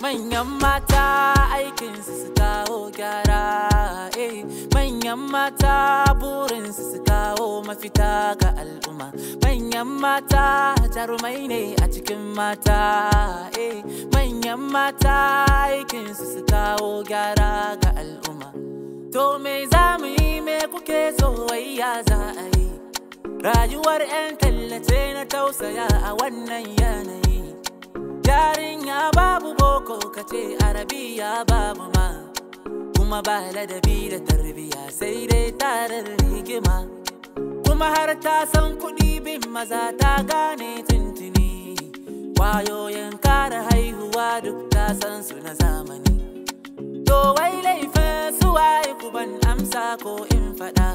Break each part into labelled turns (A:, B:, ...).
A: manyan mata aikin su kawo gyara eh. manyan mata burin su kawo mafita ga al'umma manyan mata jarumai ne a cikin mata eh. manyan mata aikin su kawo gyara ga al'umma to me za mu yi me kuke so ya za a yi rayuwar 'yan tallace na tausaya a wannan yanayi yarinya babu boko ka ce arabiya babu ma kuma ba ladabi da tarbiya sai dai tarar rigima kuma har ta san kuɗi bin maza ta gane tuntuni kwayoyin kara haihuwa duk ta san su na zamani to wai laifin su waye ku ban amsa ko in faɗa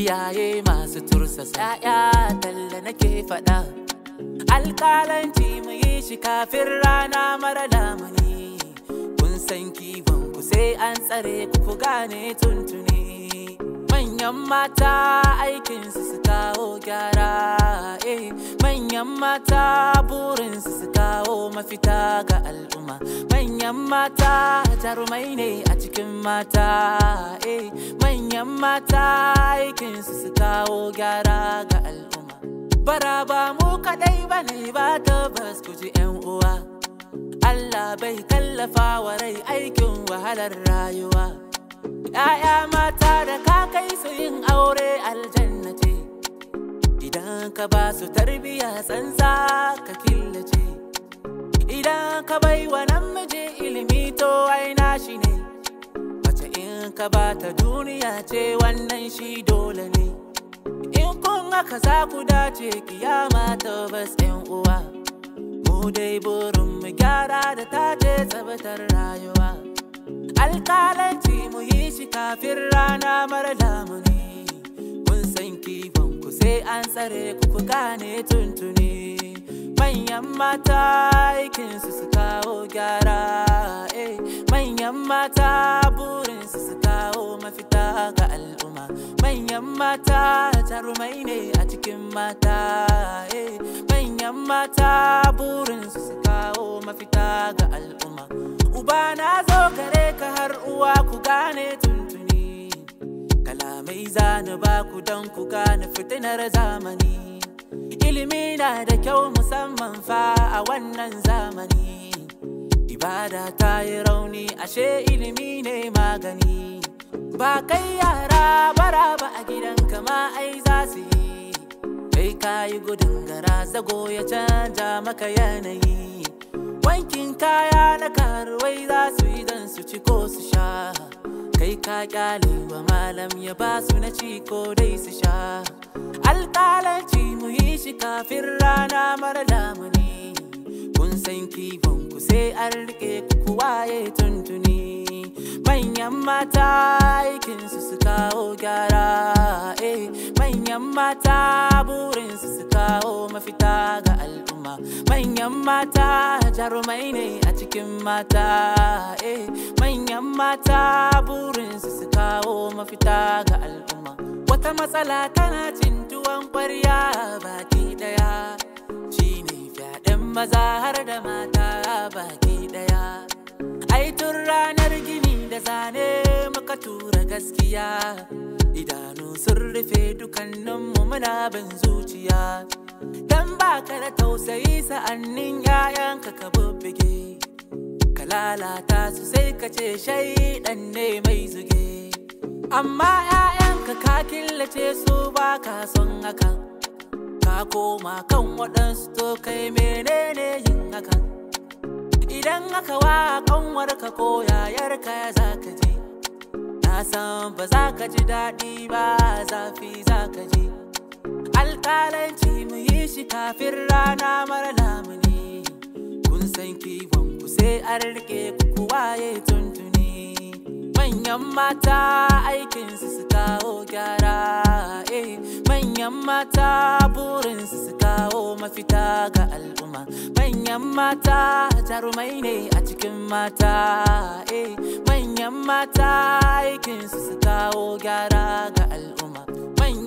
A: iyaye masu tursasa 'ya'ya talla nake faɗa alƙalanci mu yi shi kafin rana mara lamuni kun san kiwon ku sai an tsare ku ku gane tuntuni manyan mata aikin su kawo gyara eh manyan mata burin su kawo mafita ga al'umma manyan mata jarumai ne a cikin mata eh manyan mata aikinsu su kawo gyara ga al'umma bara ba mu kaɗai ba ne ba tabbas ku ji yan uwa Allah bai tallafa wa rai aikin wahalar rayuwa ‘Ya'ya mata da kakai su yin aure ce, idan ka ba su tarbiyya tsantsa ka killace idan ka bai wa namiji ilimi to aina shi ne mace in ka ba ta duniya ce wannan shi dole ne kun haka za ku dace kiyama ta bas yan uwa mu dai burin mu gyara da ta je tsabtar rayuwa alƙalanci mu yi shi kafin rana mar lamuni kun san kifin ku sai an tsare ku ku gane tuntuni manyan mata aikinsu su kawo gyara eh. manyan mata buru kawo mafita ga al'umma manyan mata jarumai ne a cikin mata eh. manyan mata burin su kawo mafita ga al'umma uba na zo gare ka har uwa ku gane tuntuni kalamai zani ba ku don ku gane fitinar zamani ilimi na da kyau musamman fa a wannan zamani ibada ta yi rauni ashe ilimi ne magani ba kai yara bara ba a gidan kama ai za su yi kai ka yi gudun gara zago ya canja maka yanayi wankin kaya na karuwai za su yi don su ci ko su sha kai ka kyale wa malam ya ba su na ci ko dai su sha alƙalanci mu yi shi kafin rana mara dan kiwon ku sai an rike ku kuwa tuntuni manyan mata aikinsu su su kawo gyara eh manyan mata burin su su kawo mafita ga al'umma manyan mata jarumai ne a cikin mata eh manyan mata burin su su kawo mafita ga al'umma wata matsala tana cin tuwon kwarya baki daya maza har da mata baki daya ai tun ranar gini da zane muka tura gaskiya idanu sun rufe mu muna bin zuciya dan baka da tausayi sa'annin 'ya'yanka ka bubbuge ka lalata su sai ka ce shaidan ne mai zuge amma 'ya'yanka ka killace su ba ka son hakan koma kan waɗansu to kai menene yin hakan idan aka wa kanwarka ko yayarka za ka je na san ba za ka ji daɗi ba zafi za ka je alƙalanci mu yi shi kafin rana mara lamuni kun san kiwon ku sai an riƙe ku kuwaye eh, tuntun manyan mata aikin su kawo gyara eh manyan mata burin su kawo mafita ga al'umma manyan mata jarumai ne a cikin mata eh manyan mata su su kawo gyara ga al'umma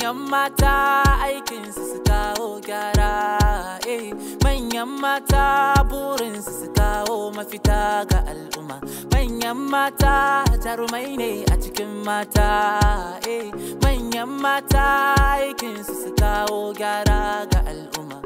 A: manyan mata aikin su kawo gyara eh. manyan mata burin su kawo mafita ga al'umma manyan mata jarumai ne a cikin mata eh. manyan mata su su kawo gyara ga al'umma